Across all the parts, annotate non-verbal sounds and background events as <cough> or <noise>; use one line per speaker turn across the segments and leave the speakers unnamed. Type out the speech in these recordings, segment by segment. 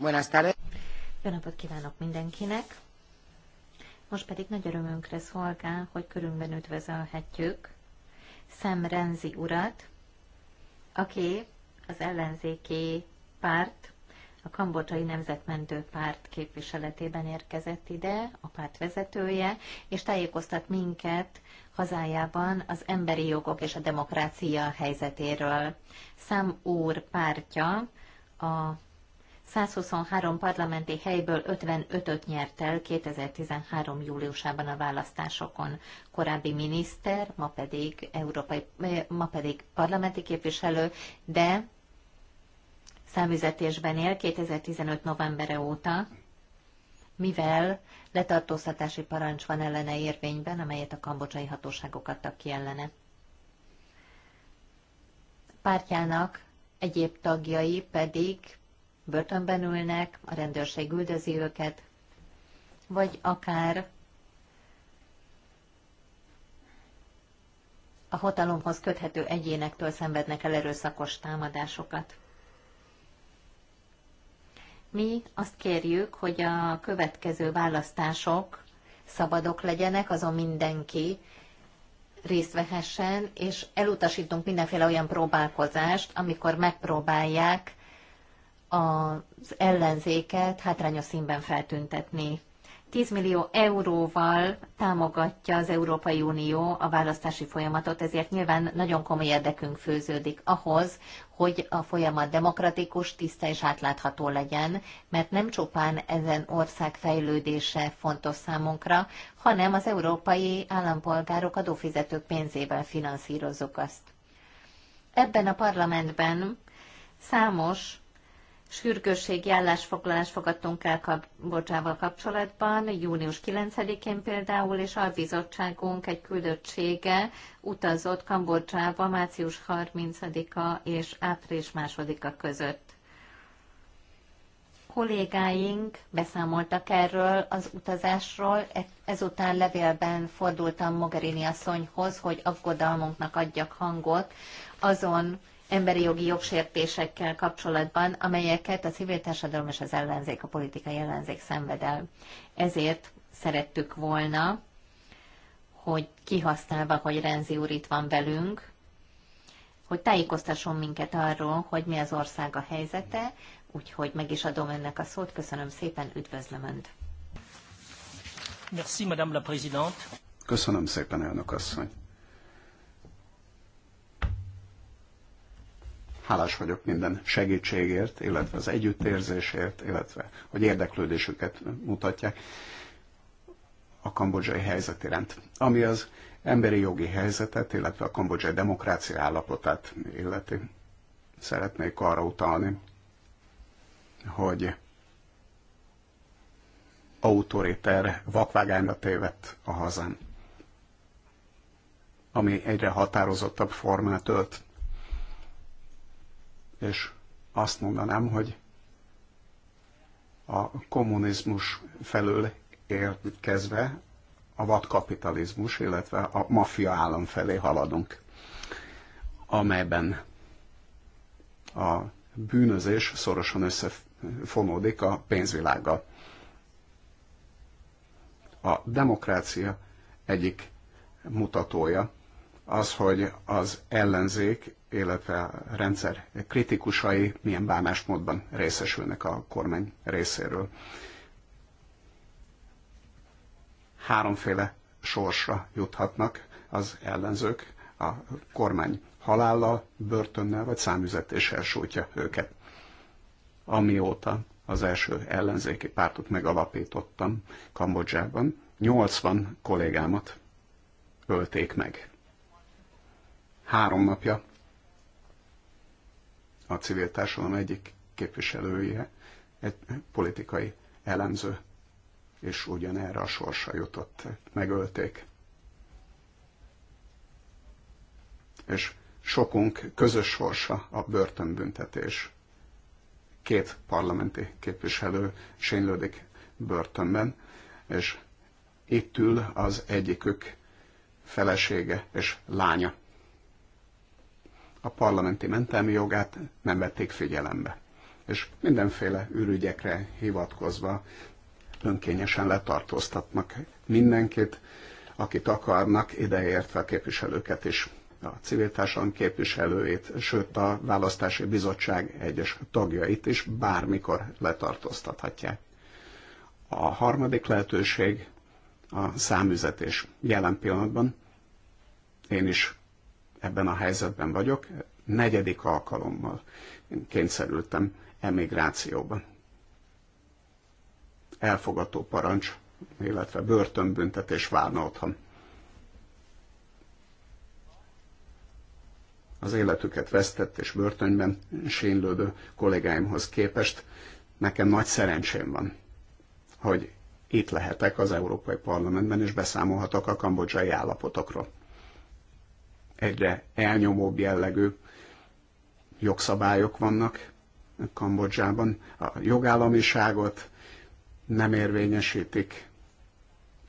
Buenas tardes. Jó napot kívánok mindenkinek! Most pedig nagy örömünkre szolgál, hogy körünkben üdvözölhetjük Sam Renzi urat, aki az ellenzéki párt, a Kambodzsai Nemzetmentő Párt képviseletében érkezett ide, a párt vezetője, és tájékoztat minket hazájában az emberi jogok és a demokrácia helyzetéről. Sam úr pártja a 123 parlamenti helyből 55-öt nyert el 2013. júliusában a választásokon. Korábbi miniszter, ma pedig, európai, eh, ma pedig parlamenti képviselő, de számüzetésben él 2015. novembere óta, mivel letartóztatási parancs van ellene érvényben, amelyet a kambocsai hatóságok adtak ki ellene. Pártjának egyéb tagjai pedig börtönben ülnek, a rendőrség üldözi őket, vagy akár a hatalomhoz köthető egyénektől szenvednek el erőszakos támadásokat. Mi azt kérjük, hogy a következő választások szabadok legyenek, azon mindenki részt vehessen, és elutasítunk mindenféle olyan próbálkozást, amikor megpróbálják az ellenzéket hátrányos színben feltüntetni. 10 millió euróval támogatja az Európai Unió a választási folyamatot, ezért nyilván nagyon komoly érdekünk főződik ahhoz, hogy a folyamat demokratikus, tiszta és átlátható legyen, mert nem csupán ezen ország fejlődése fontos számunkra, hanem az európai állampolgárok adófizetők pénzével finanszírozzuk azt. Ebben a parlamentben számos sürgősségi állásfoglalást fogadtunk el Kambodzsával kapcsolatban, június 9-én például, és a bizottságunk egy küldöttsége utazott Kambodzsába március 30-a és április 2-a között. Kollégáink beszámoltak erről az utazásról, e-, ezután levélben fordultam Mogherini asszonyhoz, hogy aggodalmunknak adjak hangot azon emberi jogi jogsértésekkel kapcsolatban, amelyeket a civil társadalom és az ellenzék, a politikai ellenzék szenved el. Ezért szerettük volna, hogy kihasználva, hogy Renzi úr itt van velünk, hogy tájékoztasson minket arról, hogy mi az ország a helyzete, úgyhogy meg is adom ennek a szót. Köszönöm szépen, üdvözlöm Önt!
Merci, Madame la Présidente. Köszönöm szépen, elnök asszony! Hálás vagyok minden segítségért, illetve az együttérzésért, illetve hogy érdeklődésüket mutatják a kambodzsai helyzet iránt. Ami az emberi jogi helyzetet, illetve a kambodzsai demokrácia állapotát illeti. Szeretnék arra utalni, hogy autoriter vakvágányra tévedt a hazán, ami egyre határozottabb formát ölt és azt mondanám, hogy a kommunizmus felől érkezve a vadkapitalizmus, illetve a maffia állam felé haladunk, amelyben a bűnözés szorosan összefonódik a pénzvilággal. A demokrácia egyik mutatója az, hogy az ellenzék illetve a rendszer kritikusai milyen bánásmódban részesülnek a kormány részéről. Háromféle sorsra juthatnak az ellenzők, a kormány halállal, börtönnel vagy számüzetéssel sújtja őket. Amióta az első ellenzéki pártot megalapítottam Kambodzsában, 80 kollégámat ölték meg. Három napja a civil társadalom egyik képviselője, egy politikai elemző, és ugyanerre a sorsa jutott, megölték. És sokunk közös sorsa a börtönbüntetés. Két parlamenti képviselő sénylődik börtönben, és itt ül az egyikük felesége és lánya a parlamenti mentelmi jogát nem vették figyelembe. És mindenféle ürügyekre hivatkozva önkényesen letartóztatnak mindenkit, akit akarnak, ideértve a képviselőket is, a civil társadalom képviselőit, sőt a választási bizottság egyes tagjait is bármikor letartóztathatják. A harmadik lehetőség a számüzetés. Jelen pillanatban én is ebben a helyzetben vagyok. Negyedik alkalommal kényszerültem emigrációba. Elfogató parancs, illetve börtönbüntetés várna otthon. Az életüket vesztett és börtönben sínlődő kollégáimhoz képest nekem nagy szerencsém van, hogy itt lehetek az Európai Parlamentben, és beszámolhatok a kambodzsai állapotokról egyre elnyomóbb jellegű jogszabályok vannak Kambodzsában. A jogállamiságot nem érvényesítik,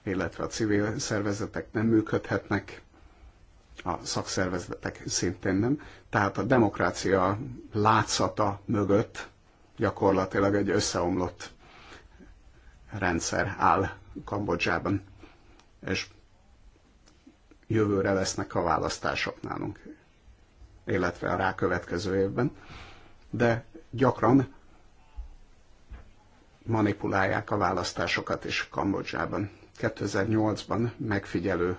illetve a civil szervezetek nem működhetnek, a szakszervezetek szintén nem. Tehát a demokrácia látszata mögött gyakorlatilag egy összeomlott rendszer áll Kambodzsában. És jövőre lesznek a választások nálunk, illetve a rákövetkező évben. De gyakran manipulálják a választásokat is Kambodzsában. 2008-ban megfigyelő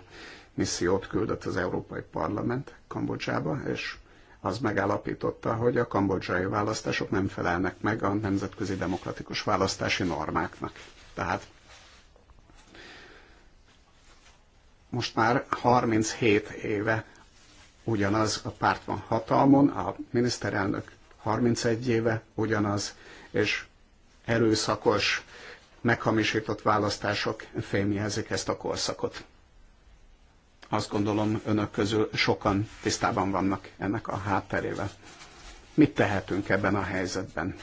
missziót küldött az Európai Parlament Kambodzsába, és az megállapította, hogy a kambodzsai választások nem felelnek meg a nemzetközi demokratikus választási normáknak. Tehát most már 37 éve ugyanaz a párt van hatalmon, a miniszterelnök 31 éve ugyanaz, és erőszakos, meghamisított választások fémjelzik ezt a korszakot. Azt gondolom, önök közül sokan tisztában vannak ennek a hátterével. Mit tehetünk ebben a helyzetben?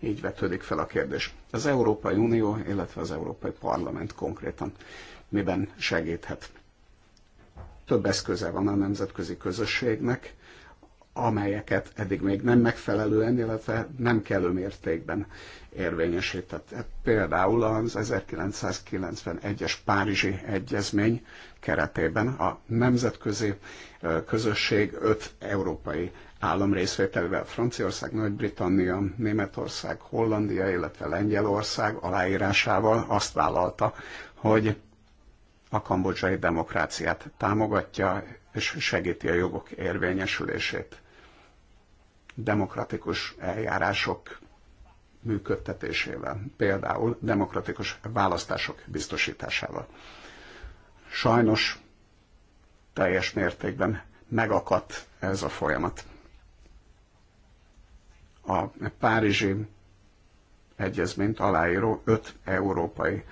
Így vetődik fel a kérdés. Az Európai Unió, illetve az Európai Parlament konkrétan miben segíthet. Több eszköze van a nemzetközi közösségnek, amelyeket eddig még nem megfelelően, illetve nem kellő mértékben érvényesített. Hát például az 1991-es Párizsi Egyezmény keretében a nemzetközi közösség öt európai állam részvételével Franciaország, Nagy-Britannia, Németország, Hollandia, illetve Lengyelország aláírásával azt vállalta, hogy a kambodzsai demokráciát támogatja és segíti a jogok érvényesülését. Demokratikus eljárások működtetésével, például demokratikus választások biztosításával. Sajnos teljes mértékben megakadt ez a folyamat. A Párizsi egyezményt aláíró öt európai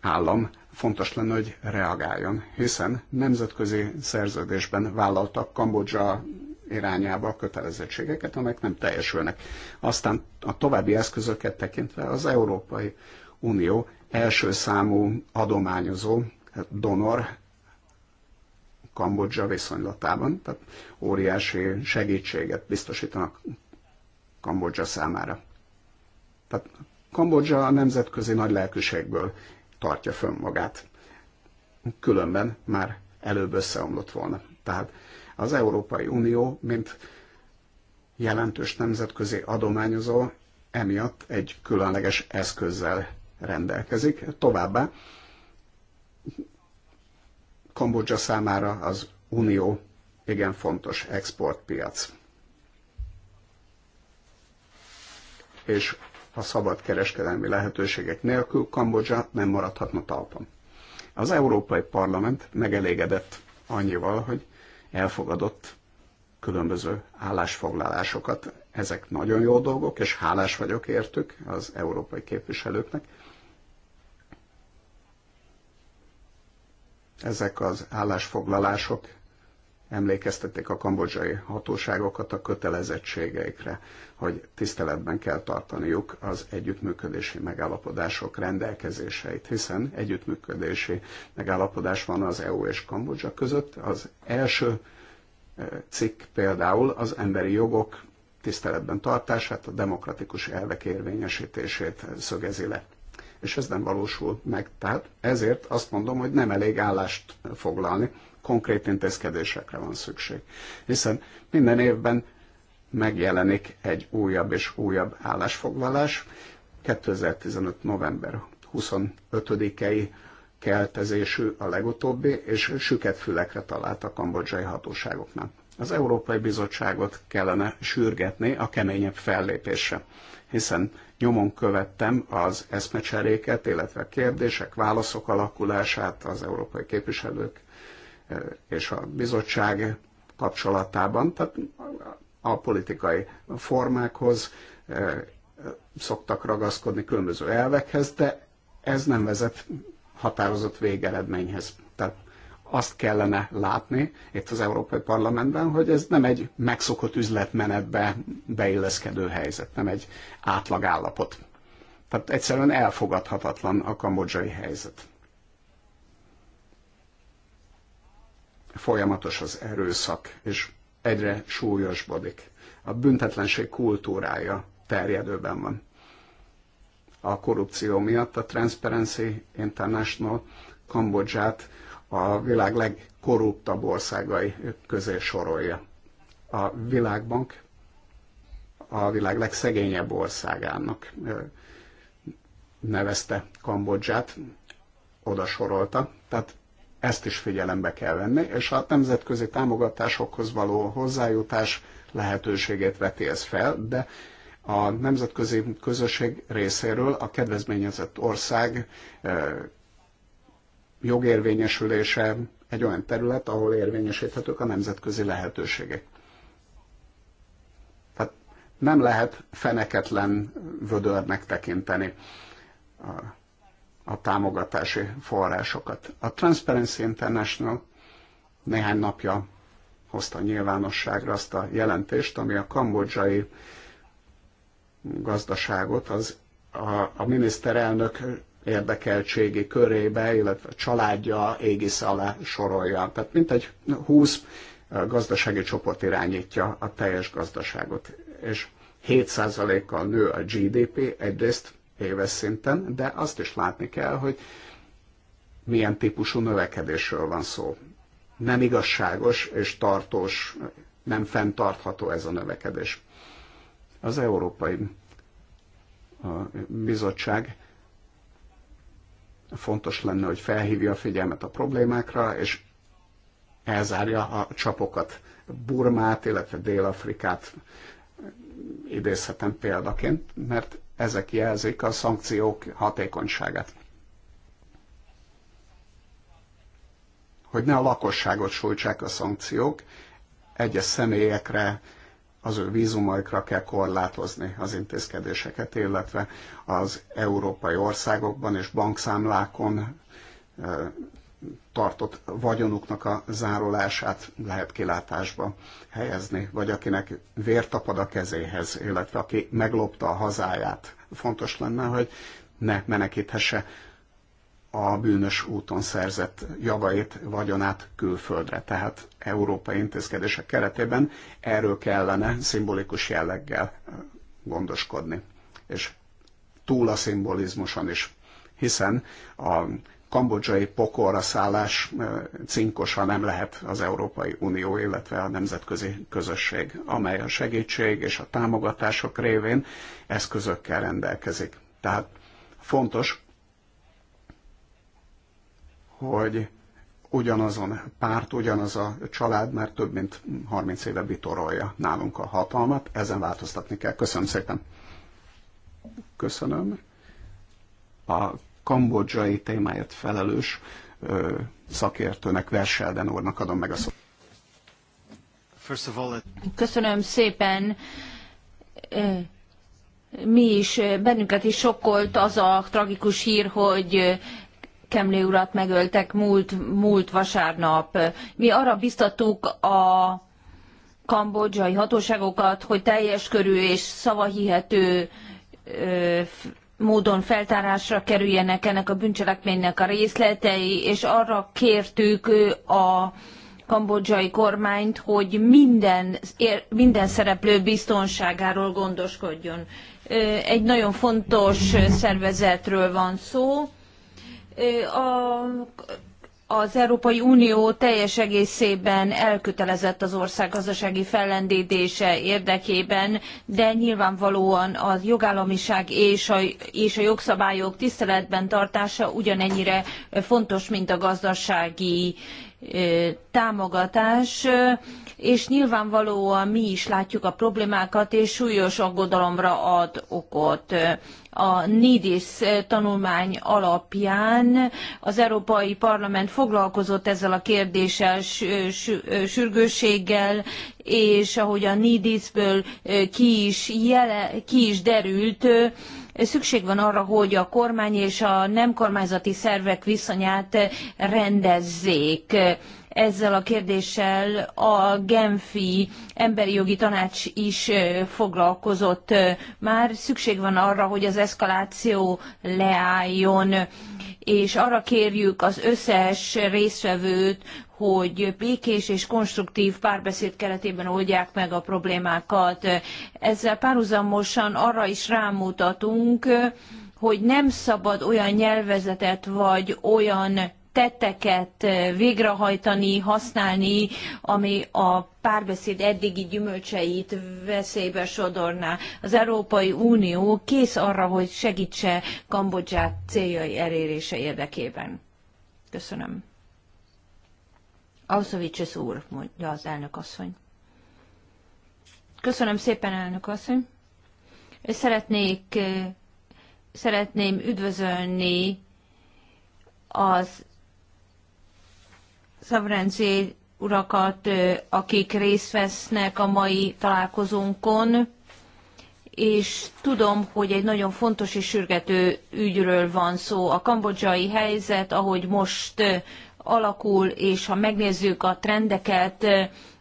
állam fontos lenne, hogy reagáljon, hiszen nemzetközi szerződésben vállaltak Kambodzsa irányába a kötelezettségeket, amelyek nem teljesülnek. Aztán a további eszközöket tekintve az Európai Unió első számú adományozó, hát donor Kambodzsa viszonylatában, tehát óriási segítséget biztosítanak Kambodzsa számára. Tehát Kambodzsa a nemzetközi nagy lelkűségből tartja fönn magát. Különben már előbb összeomlott volna. Tehát az Európai Unió, mint jelentős nemzetközi adományozó, emiatt egy különleges eszközzel rendelkezik. Továbbá Kambodzsa számára az Unió igen fontos exportpiac. És a szabad kereskedelmi lehetőségek nélkül Kambodzsa nem maradhatna talpon. Az Európai Parlament megelégedett annyival, hogy elfogadott különböző állásfoglalásokat. Ezek nagyon jó dolgok, és hálás vagyok értük az európai képviselőknek. Ezek az állásfoglalások emlékeztették a kambodzsai hatóságokat a kötelezettségeikre, hogy tiszteletben kell tartaniuk az együttműködési megállapodások rendelkezéseit, hiszen együttműködési megállapodás van az EU és Kambodzsa között. Az első eh, cikk például az emberi jogok tiszteletben tartását, a demokratikus elvek érvényesítését szögezi le és ez nem valósul meg. Tehát ezért azt mondom, hogy nem elég állást foglalni konkrét intézkedésekre van szükség. Hiszen minden évben megjelenik egy újabb és újabb állásfoglalás. 2015. november 25-i keltezésű a legutóbbi, és süket fülekre talált a kambodzsai hatóságoknál. Az Európai Bizottságot kellene sürgetni a keményebb fellépésre, hiszen nyomon követtem az eszmecseréket, illetve kérdések, válaszok alakulását az európai képviselők és a bizottság kapcsolatában, tehát a politikai formákhoz eh, szoktak ragaszkodni különböző elvekhez, de ez nem vezet határozott végeredményhez. Tehát azt kellene látni itt az Európai Parlamentben, hogy ez nem egy megszokott üzletmenetbe beilleszkedő helyzet, nem egy átlag állapot. Tehát egyszerűen elfogadhatatlan a kambodzsai helyzet. folyamatos az erőszak, és egyre súlyosbodik. A büntetlenség kultúrája terjedőben van. A korrupció miatt a Transparency International Kambodzsát a világ legkorruptabb országai közé sorolja. A világbank a világ legszegényebb országának nevezte Kambodzsát, oda sorolta. Tehát ezt is figyelembe kell venni, és a nemzetközi támogatásokhoz való hozzájutás lehetőségét veti ez fel, de a nemzetközi közösség részéről a kedvezményezett ország eh, jogérvényesülése egy olyan terület, ahol érvényesíthetők a nemzetközi lehetőségek. Tehát nem lehet feneketlen vödörnek tekinteni a támogatási forrásokat. A Transparency International néhány napja hozta nyilvánosságra azt a jelentést, ami a kambodzsai gazdaságot az a, a miniszterelnök érdekeltségi körébe, illetve a családja égisz alá sorolja. Tehát mintegy 20 gazdasági csoport irányítja a teljes gazdaságot, és 7%-kal nő a GDP, egyrészt éves szinten, de azt is látni kell, hogy milyen típusú növekedésről van szó. Nem igazságos és tartós, nem fenntartható ez a növekedés. Az Európai Bizottság fontos lenne, hogy felhívja a figyelmet a problémákra, és elzárja a csapokat. Burmát, illetve Dél-Afrikát idézhetem példaként, mert ezek jelzik a szankciók hatékonyságát. Hogy ne a lakosságot sújtsák a szankciók, egyes személyekre, az ő vízumaikra kell korlátozni az intézkedéseket, illetve az európai országokban és bankszámlákon tartott vagyonuknak a zárolását lehet kilátásba helyezni, vagy akinek vér tapad a kezéhez, illetve aki meglopta a hazáját. Fontos lenne, hogy ne menekíthesse a bűnös úton szerzett javait, vagyonát külföldre. Tehát európai intézkedések keretében erről kellene szimbolikus jelleggel gondoskodni. És túl a szimbolizmuson is, hiszen a kambodzsai pokolra szállás cinkosa nem lehet az Európai Unió, illetve a nemzetközi közösség, amely a segítség és a támogatások révén eszközökkel rendelkezik. Tehát fontos, hogy ugyanazon párt, ugyanaz a család már több mint 30 éve bitorolja nálunk a hatalmat, ezen változtatni kell. Köszönöm szépen. Köszönöm. A kambodzsai témáért felelős ö, szakértőnek, Verselden úrnak adom meg a szót.
Köszönöm szépen. Mi is, bennünket is sokkolt az a tragikus hír, hogy Kemlé urat megöltek múlt, múlt vasárnap. Mi arra biztattuk a kambodzsai hatóságokat, hogy teljes körű és szavahihető módon feltárásra kerüljenek ennek a bűncselekménynek a részletei, és arra kértük a kambodzsai kormányt, hogy minden, minden szereplő biztonságáról gondoskodjon. Egy nagyon fontos szervezetről van szó. A az Európai Unió teljes egészében elkötelezett az ország gazdasági fellendítése érdekében, de nyilvánvalóan a jogállamiság és a, és a jogszabályok tiszteletben tartása ugyanennyire fontos, mint a gazdasági támogatás, és nyilvánvalóan mi is látjuk a problémákat, és súlyos aggodalomra ad okot. A NIDIS tanulmány alapján az Európai Parlament foglalkozott ezzel a kérdéssel sürgősséggel, és ahogy a NIDIS-ből ki ki is derült, szükség van arra, hogy a kormány és a nem kormányzati szervek viszonyát rendezzék ezzel a kérdéssel a Genfi Emberi Jogi Tanács is foglalkozott. Már szükség van arra, hogy az eszkaláció leálljon és arra kérjük az összes résztvevőt, hogy békés és konstruktív párbeszéd keretében oldják meg a problémákat. Ezzel párhuzamosan arra is rámutatunk, hogy nem szabad olyan nyelvezetet vagy olyan tetteket végrehajtani, használni, ami a párbeszéd eddigi gyümölcseit veszélybe sodorná. Az Európai Unió kész arra, hogy segítse Kambodzsát céljai elérése érdekében. Köszönöm. Auszovicses úr, mondja az elnök asszony. Köszönöm szépen, elnök asszony. szeretnék, szeretném üdvözölni az Szavrenzé urakat, akik részt vesznek a mai találkozónkon, és tudom, hogy egy nagyon fontos és sürgető ügyről van szó. A kambodzsai helyzet, ahogy most alakul, és ha megnézzük a trendeket,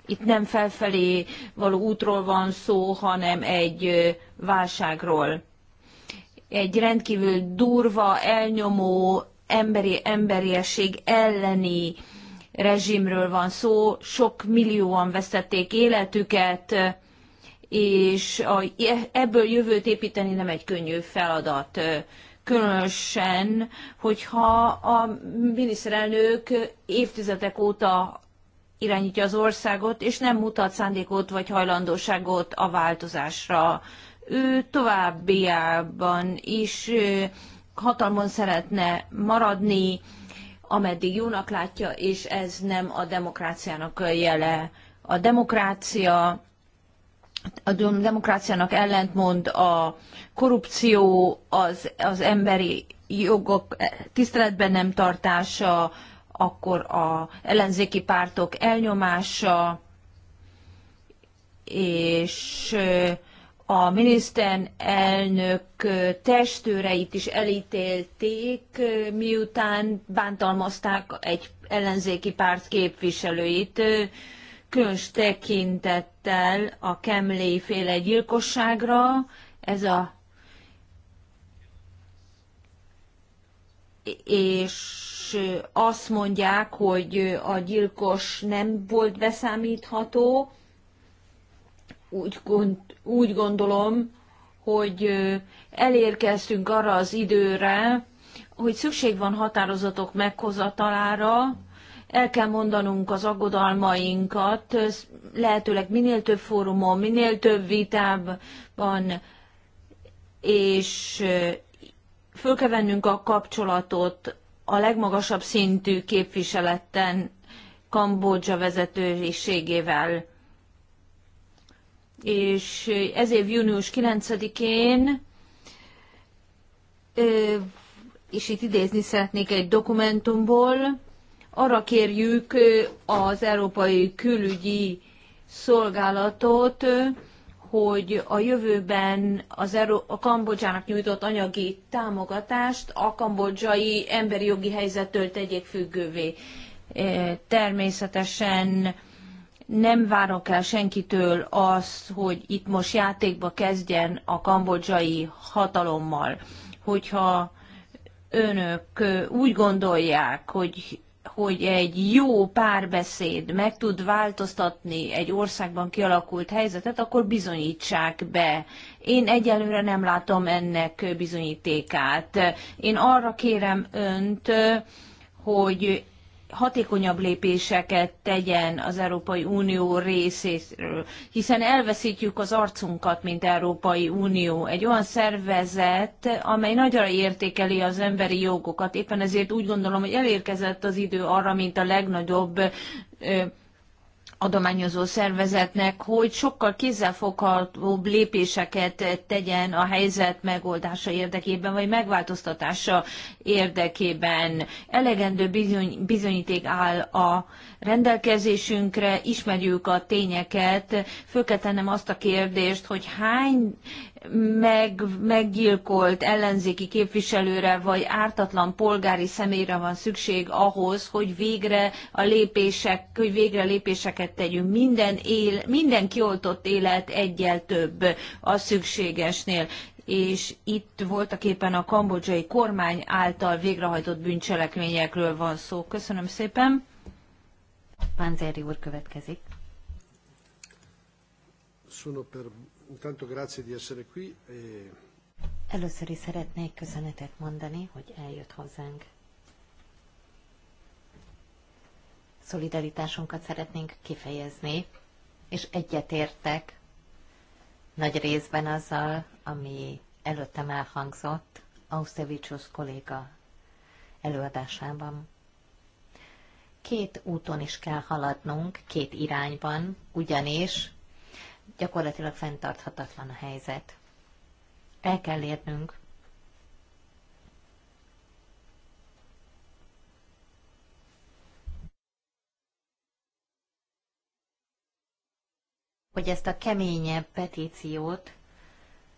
itt nem felfelé való útról van szó, hanem egy válságról. Egy rendkívül durva, elnyomó, emberi emberiesség elleni rezsimről van szó, sok millióan vesztették életüket, és a, ebből jövőt építeni nem egy könnyű feladat. Különösen, hogyha a miniszterelnök évtizedek óta irányítja az országot, és nem mutat szándékot vagy hajlandóságot a változásra. Ő továbbiában is hatalmon szeretne maradni, ameddig jónak látja, és ez nem a demokráciának jele. A demokrácia a demokráciának ellentmond a korrupció, az, az emberi jogok tiszteletben nem tartása, akkor a ellenzéki pártok elnyomása, és a miniszterelnök testőreit is elítélték, miután bántalmazták egy ellenzéki párt képviselőit, különös tekintettel a Kemlé féle gyilkosságra, ez a és azt mondják, hogy a gyilkos nem volt beszámítható, úgy, gond, úgy gondolom, hogy elérkeztünk arra az időre, hogy szükség van határozatok meghozatalára, el kell mondanunk az aggodalmainkat, lehetőleg minél több fórumon, minél több vitában, és föl kell vennünk a kapcsolatot a legmagasabb szintű képviseleten Kambodzsa vezetőségével és ez év június 9-én, és itt idézni szeretnék egy dokumentumból, arra kérjük az Európai Külügyi Szolgálatot, hogy a jövőben az Euró- a Kambodzsának nyújtott anyagi támogatást a kambodzsai emberi jogi helyzettől tegyék függővé. Természetesen nem várok el senkitől azt, hogy itt most játékba kezdjen a kambodzsai hatalommal. Hogyha önök úgy gondolják, hogy hogy egy jó párbeszéd meg tud változtatni egy országban kialakult helyzetet, akkor bizonyítsák be. Én egyelőre nem látom ennek bizonyítékát. Én arra kérem önt, hogy hatékonyabb lépéseket tegyen az Európai Unió részéről, hiszen elveszítjük az arcunkat, mint Európai Unió. Egy olyan szervezet, amely nagyra értékeli az emberi jogokat. Éppen ezért úgy gondolom, hogy elérkezett az idő arra, mint a legnagyobb adományozó szervezetnek, hogy sokkal kézzelfoghatóbb lépéseket tegyen a helyzet megoldása érdekében, vagy megváltoztatása érdekében. Elegendő bizony, bizonyíték áll a rendelkezésünkre, ismerjük a tényeket, föl kell tennem azt a kérdést, hogy hány meg, meggyilkolt ellenzéki képviselőre vagy ártatlan polgári személyre van szükség ahhoz, hogy végre a lépések, hogy végre lépéseket tegyünk. Minden, él, minden kioltott élet egyel több a szükségesnél és itt voltak éppen a kambodzsai kormány által végrehajtott bűncselekményekről van szó. Köszönöm szépen. Panzeri úr következik.
Sono per Intanto grazie di essere qui. E...
Először is szeretnék köszönetet mondani, hogy eljött hozzánk. Szolidaritásunkat szeretnénk kifejezni, és egyetértek nagy részben azzal, ami előttem elhangzott Ausztevicsus kolléga előadásában. Két úton is kell haladnunk, két irányban, ugyanis gyakorlatilag fenntarthatatlan a helyzet. El kell érnünk hogy ezt a keményebb petíciót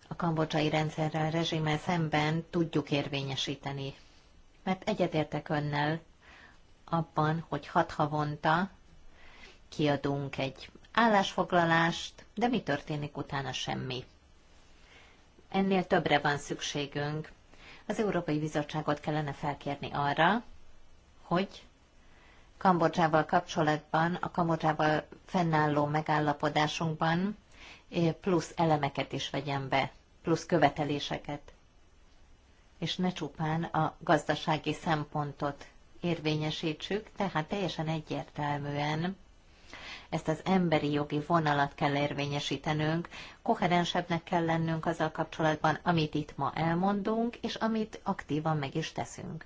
a kambodzsai rendszerrel, rezsimmel szemben tudjuk érvényesíteni. Mert egyetértek önnel abban, hogy hat havonta kiadunk egy állásfoglalást, de mi történik utána semmi. Ennél többre van szükségünk. Az Európai Bizottságot kellene felkérni arra, hogy Kambodzsával kapcsolatban, a Kambodzsával fennálló megállapodásunkban eh, plusz elemeket is vegyen be, plusz követeléseket. És ne csupán a gazdasági szempontot érvényesítsük, tehát teljesen egyértelműen ezt az emberi jogi vonalat kell érvényesítenünk, koherensebbnek kell lennünk azzal kapcsolatban, amit itt ma elmondunk, és amit aktívan meg is teszünk.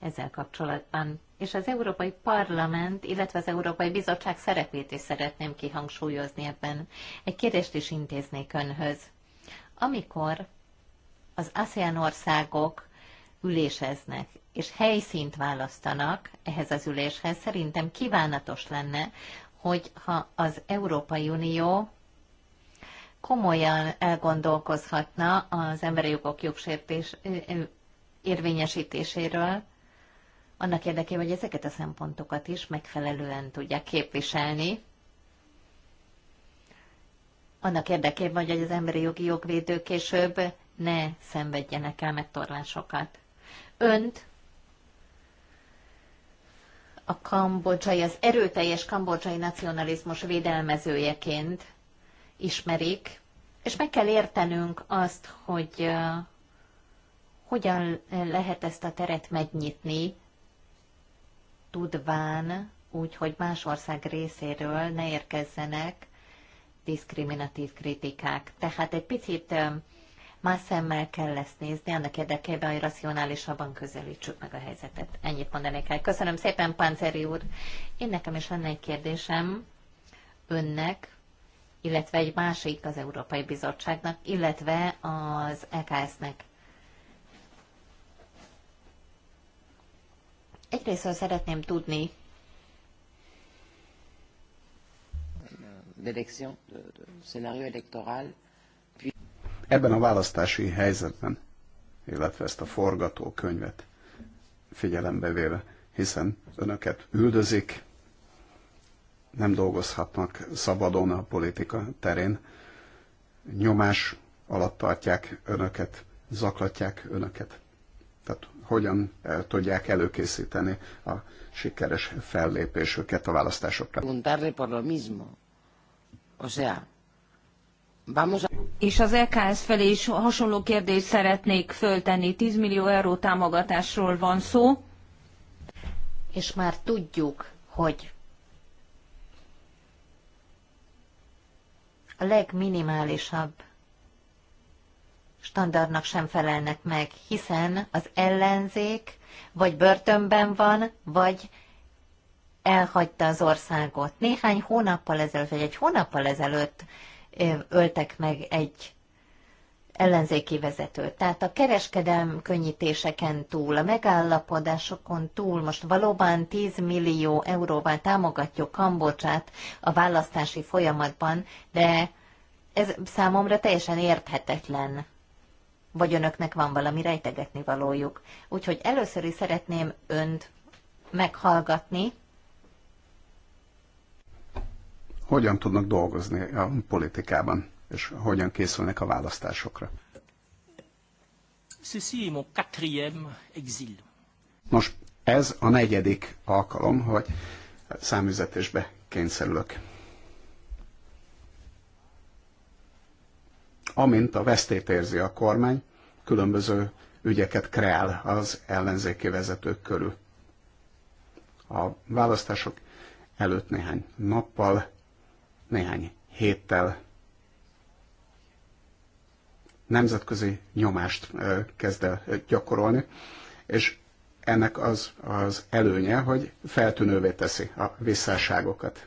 Ezzel kapcsolatban. És az Európai Parlament, illetve az Európai Bizottság szerepét is szeretném kihangsúlyozni ebben. Egy kérdést is intéznék önhöz. Amikor az ASEAN országok üléseznek, és helyszínt választanak ehhez az üléshez, szerintem kívánatos lenne, hogy ha az Európai Unió komolyan elgondolkozhatna az emberi jogok jogsértés érvényesítéséről, annak érdekében, hogy ezeket a szempontokat is megfelelően tudják képviselni, annak érdekében, hogy az emberi jogi jogvédők később ne szenvedjenek el megtorlásokat önt a kambodzsai, az erőteljes kambodzsai nacionalizmus védelmezőjeként ismerik, és meg kell értenünk azt, hogy hogyan lehet ezt a teret megnyitni, tudván úgy, hogy más ország részéről ne érkezzenek diszkriminatív kritikák. Tehát egy picit más szemmel kell ezt nézni, annak érdekében, hogy racionálisabban közelítsük meg a helyzetet. Ennyit mondanék el. Köszönöm szépen, panzeri úr. Én nekem is lenne egy kérdésem önnek, illetve egy másik az Európai Bizottságnak, illetve az EKS-nek. Egyrészt szeretném tudni, l'élection, de, de scénario électoral
Ebben a választási helyzetben, illetve ezt a forgatókönyvet figyelembe véve, hiszen önöket üldözik, nem dolgozhatnak szabadon a politika terén, nyomás alatt tartják önöket, zaklatják önöket. Tehát hogyan tudják előkészíteni a sikeres fellépésüket a választásokra
és az EKS felé is hasonló kérdést szeretnék föltenni. 10 millió euró támogatásról van szó. És már
tudjuk, hogy a legminimálisabb standardnak sem felelnek meg, hiszen az ellenzék vagy börtönben van, vagy elhagyta az országot. Néhány hónappal ezelőtt, vagy egy hónappal ezelőtt öltek meg egy ellenzéki vezetőt. Tehát a kereskedelm könnyítéseken túl, a megállapodásokon túl most valóban 10 millió euróval támogatjuk Kambocsát a választási folyamatban, de ez számomra teljesen érthetetlen. Vagy önöknek van valami rejtegetni valójuk. Úgyhogy először is szeretném önt meghallgatni,
hogyan tudnak dolgozni a politikában, és hogyan készülnek a választásokra. Nos, ez a negyedik alkalom, hogy számüzetésbe kényszerülök. Amint a vesztét érzi a kormány, különböző ügyeket kreál az ellenzéki vezetők körül. A választások előtt néhány nappal néhány héttel nemzetközi nyomást kezd el gyakorolni, és ennek az, az előnye, hogy feltűnővé teszi a visszáságokat.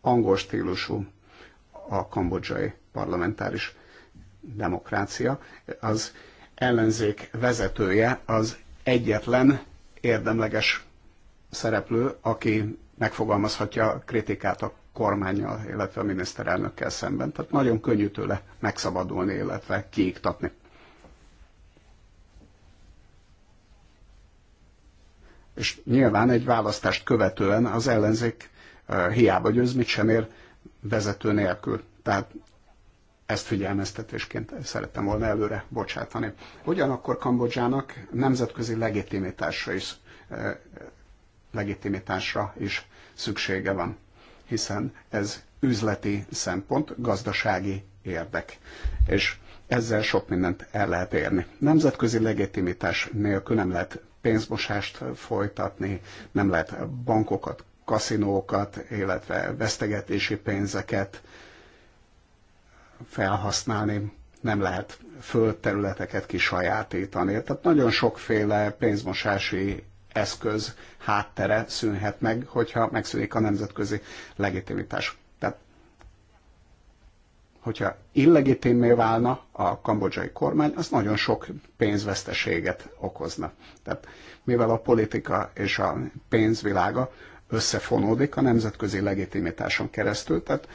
Angol stílusú a kambodzsai parlamentáris demokrácia. Az ellenzék vezetője az egyetlen érdemleges szereplő, aki megfogalmazhatja a kritikát a kormányjal, illetve a miniszterelnökkel szemben. Tehát nagyon könnyű tőle megszabadulni, illetve kiiktatni. És nyilván egy választást követően az ellenzék hiába győz, mit sem ér vezető nélkül. Tehát ezt figyelmeztetésként szerettem volna előre bocsátani. Ugyanakkor Kambodzsának nemzetközi legitimitása is legitimitásra is szüksége van, hiszen ez üzleti szempont, gazdasági érdek. És ezzel sok mindent el lehet érni. Nemzetközi legitimitás nélkül nem lehet pénzmosást folytatni, nem lehet bankokat, kaszinókat, illetve vesztegetési pénzeket felhasználni, nem lehet földterületeket kisajátítani. Tehát nagyon sokféle pénzmosási eszköz háttere szűnhet meg, hogyha megszűnik a nemzetközi legitimitás. Tehát, hogyha illegitimé válna a kambodzsai kormány, az nagyon sok pénzveszteséget okozna. Tehát, mivel a politika és a pénzvilága összefonódik a nemzetközi legitimitáson keresztül, tehát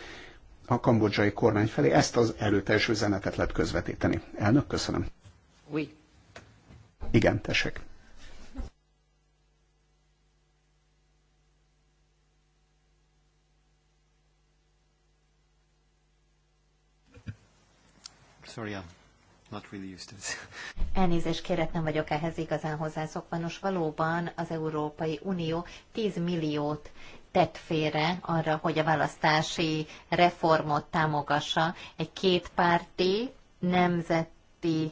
a kambodzsai kormány felé ezt az erőteljes üzenetet lehet közvetíteni. Elnök, köszönöm. Oui. Igen, tessék. Sorry, I'm not really used to this.
Elnézést kérek, nem vagyok ehhez igazán hozzászokva. Nos, valóban az Európai Unió 10 milliót tett félre arra, hogy a választási reformot támogassa egy kétpárti nemzeti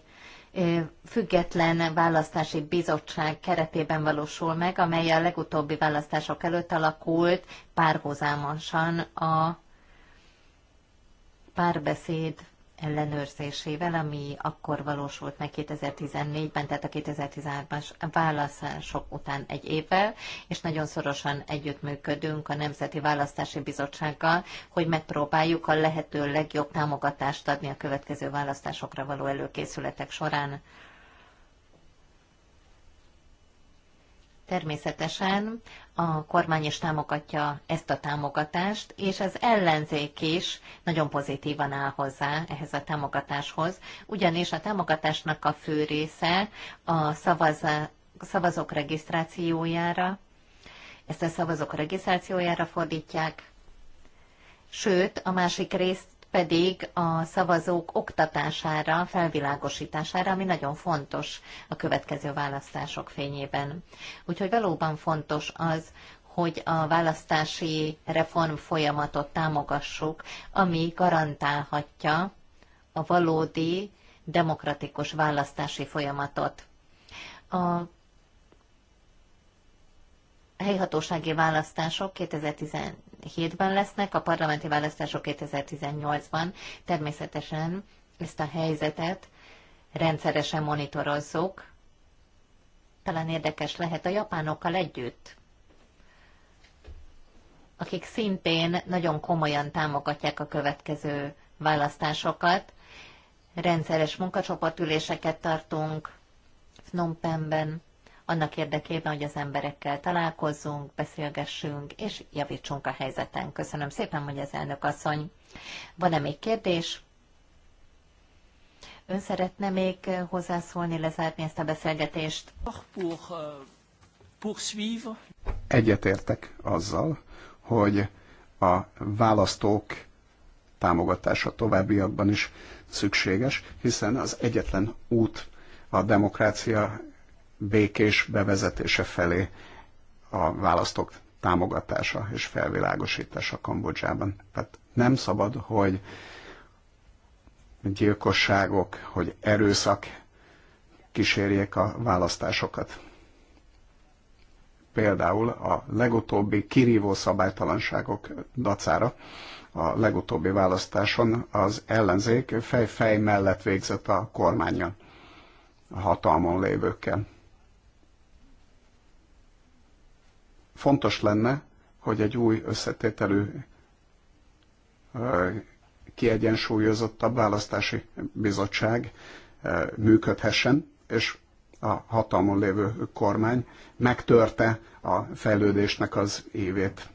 független választási bizottság keretében valósul meg, amely a legutóbbi választások előtt alakult párhuzamosan a párbeszéd ellenőrzésével, ami akkor valósult meg 2014-ben, tehát a 2013-as választások után egy évvel, és nagyon szorosan együttműködünk a Nemzeti Választási Bizottsággal, hogy megpróbáljuk a lehető legjobb támogatást adni a következő választásokra való előkészületek során. Természetesen a kormány is támogatja ezt a támogatást, és az ellenzék is nagyon pozitívan áll hozzá ehhez a támogatáshoz, ugyanis a támogatásnak a fő része a szavaz, szavazók regisztrációjára, ezt a szavazók regisztrációjára fordítják, sőt, a másik részt pedig a szavazók oktatására, felvilágosítására, ami nagyon fontos a következő választások fényében. Úgyhogy valóban fontos az, hogy a választási reform folyamatot támogassuk, ami garantálhatja a valódi demokratikus választási folyamatot. A helyhatósági választások 2017-ben lesznek, a parlamenti választások 2018-ban. Természetesen ezt a helyzetet rendszeresen monitorozzuk. Talán érdekes lehet a japánokkal együtt, akik szintén nagyon komolyan támogatják a következő választásokat. Rendszeres munkacsoportüléseket tartunk Phnom Penhben, annak érdekében, hogy az emberekkel találkozzunk, beszélgessünk, és javítsunk a helyzeten. Köszönöm szépen, hogy az elnök asszony. Van-e még kérdés? Ön szeretne még hozzászólni, lezárni ezt a beszélgetést?
Egyetértek azzal, hogy a választók támogatása továbbiakban is szükséges, hiszen az egyetlen út a demokrácia békés bevezetése felé a választók támogatása és felvilágosítása Kambodzsában. Tehát nem szabad, hogy gyilkosságok, hogy erőszak kísérjék a választásokat. Például a legutóbbi kirívó szabálytalanságok dacára a legutóbbi választáson az ellenzék fej-fej mellett végzett a kormányon, a hatalmon lévőkkel. fontos lenne, hogy egy új összetételű kiegyensúlyozottabb választási bizottság működhessen, és a hatalmon lévő kormány megtörte a fejlődésnek az évét.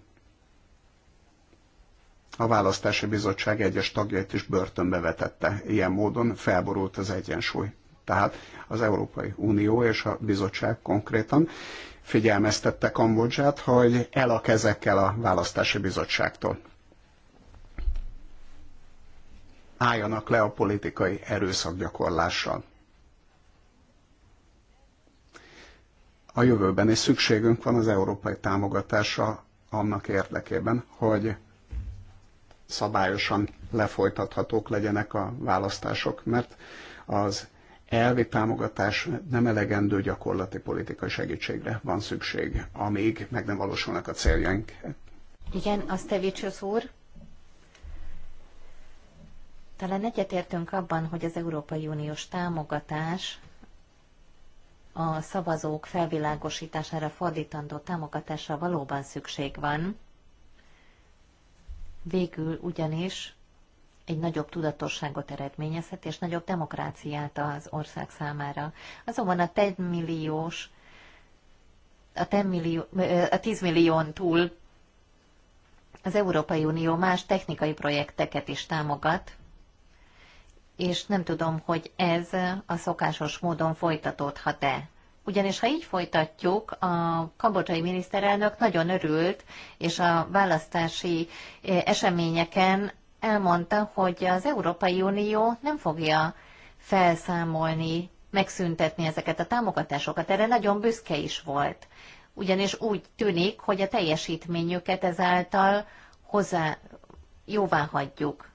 A választási bizottság egyes tagjait is börtönbe vetette. Ilyen módon felborult az egyensúly. Tehát az Európai Unió és a bizottság konkrétan figyelmeztette Kambodzsát, hogy elak ezekkel a választási bizottságtól. Álljanak le a politikai erőszakgyakorlással. A jövőben is szükségünk van az európai támogatásra annak érdekében, hogy szabályosan lefolytathatók legyenek a választások, mert az elvi támogatás nem elegendő gyakorlati politikai segítségre van szükség, amíg meg nem valósulnak a céljaink.
Igen, azt Tevicsos úr, talán egyetértünk abban, hogy az Európai Uniós támogatás a szavazók felvilágosítására fordítandó támogatásra valóban szükség van. Végül ugyanis egy nagyobb tudatosságot eredményezhet, és nagyobb demokráciát az ország számára. Azonban a 10 milliós, a, 10 millió, a 10 millión túl az Európai Unió más technikai projekteket is támogat, és nem tudom, hogy ez a szokásos módon folytatódhat-e. Ugyanis ha így folytatjuk, a kambodzsai miniszterelnök nagyon örült, és a választási eseményeken elmondta, hogy az Európai Unió nem fogja felszámolni, megszüntetni ezeket a támogatásokat. Erre nagyon büszke is volt. Ugyanis úgy tűnik, hogy a teljesítményüket ezáltal hozzá jóvá hagyjuk.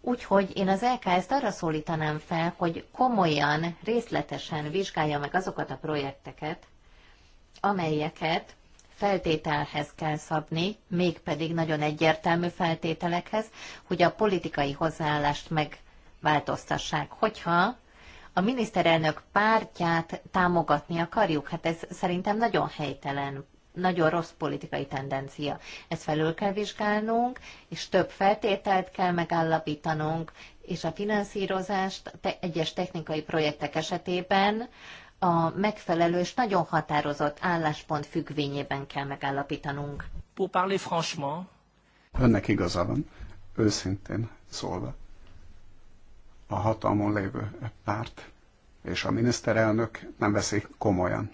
Úgyhogy én az LKS-t arra szólítanám fel, hogy komolyan, részletesen vizsgálja meg azokat a projekteket, amelyeket feltételhez kell szabni, mégpedig nagyon egyértelmű feltételekhez, hogy a politikai hozzáállást megváltoztassák. Hogyha a miniszterelnök pártját támogatni akarjuk, hát ez szerintem nagyon helytelen nagyon rossz politikai tendencia. Ezt felül kell vizsgálnunk, és több feltételt kell megállapítanunk, és a finanszírozást te egyes technikai projektek esetében a megfelelő és nagyon határozott álláspont függvényében kell megállapítanunk.
Pour parler franchement. Önnek igaza van, őszintén szólva. A hatalmon lévő párt és a miniszterelnök nem veszi komolyan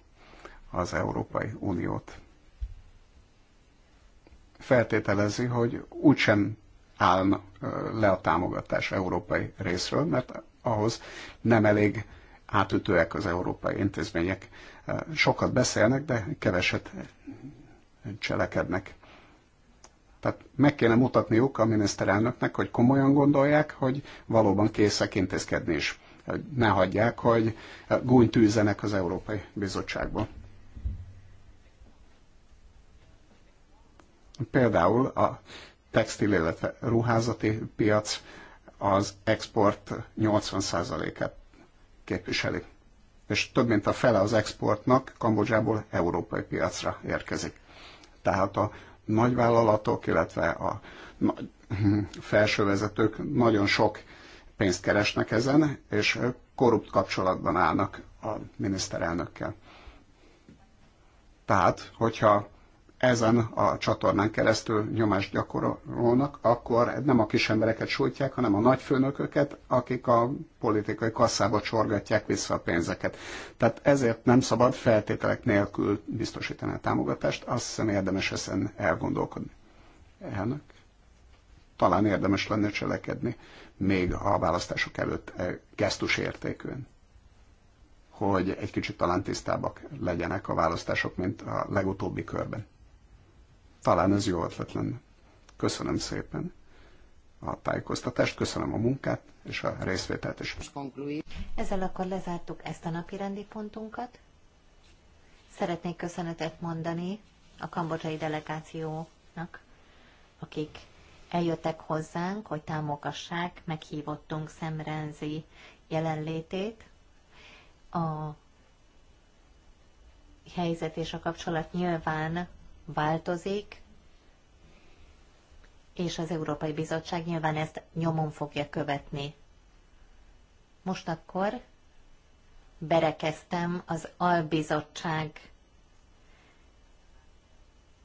az Európai Uniót. Feltételezi, hogy úgysem áll le a támogatás európai részről, mert ahhoz nem elég átütőek az európai intézmények. Sokat beszélnek, de keveset cselekednek. Tehát meg kéne mutatniuk a miniszterelnöknek, hogy komolyan gondolják, hogy valóban készek intézkedni is. Ne hagyják, hogy gúnytűzenek az Európai Bizottságban. Például a textil, illetve ruházati piac az export 80%-át képviseli. És több mint a fele az exportnak Kambodzsából európai piacra érkezik. Tehát a nagyvállalatok, illetve a <clears throat> felsővezetők nagyon sok pénzt keresnek ezen, és korrupt kapcsolatban állnak a miniszterelnökkel. Tehát, hogyha ezen a csatornán keresztül nyomást gyakorolnak, akkor nem a kis embereket sújtják, hanem a nagyfőnököket, akik a politikai kasszába csorgatják vissza a pénzeket. Tehát ezért nem szabad feltételek nélkül biztosítani a támogatást, azt hiszem érdemes ezen elgondolkodni. Elnök? Talán érdemes lenne cselekedni még a választások előtt e, értékűen hogy egy kicsit talán tisztábbak legyenek a választások, mint a legutóbbi körben. Talán ez jó ötlet lenne. Köszönöm szépen a tájékoztatást, köszönöm a munkát és a részvételt is.
Ezzel akkor lezártuk ezt a napi rendi pontunkat. Szeretnék köszönetet mondani a kambodzsai delegációnak, akik eljöttek hozzánk, hogy támogassák meghívottunk szemrenzi jelenlétét. A helyzet és a kapcsolat nyilván változik, és az Európai Bizottság nyilván ezt nyomon fogja követni. Most akkor berekeztem az albizottság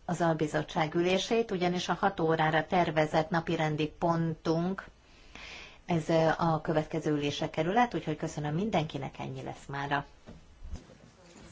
az albizottság ülését, ugyanis a 6 órára tervezett napirendi pontunk ez a következő ülése kerül úgyhogy köszönöm mindenkinek, ennyi lesz mára.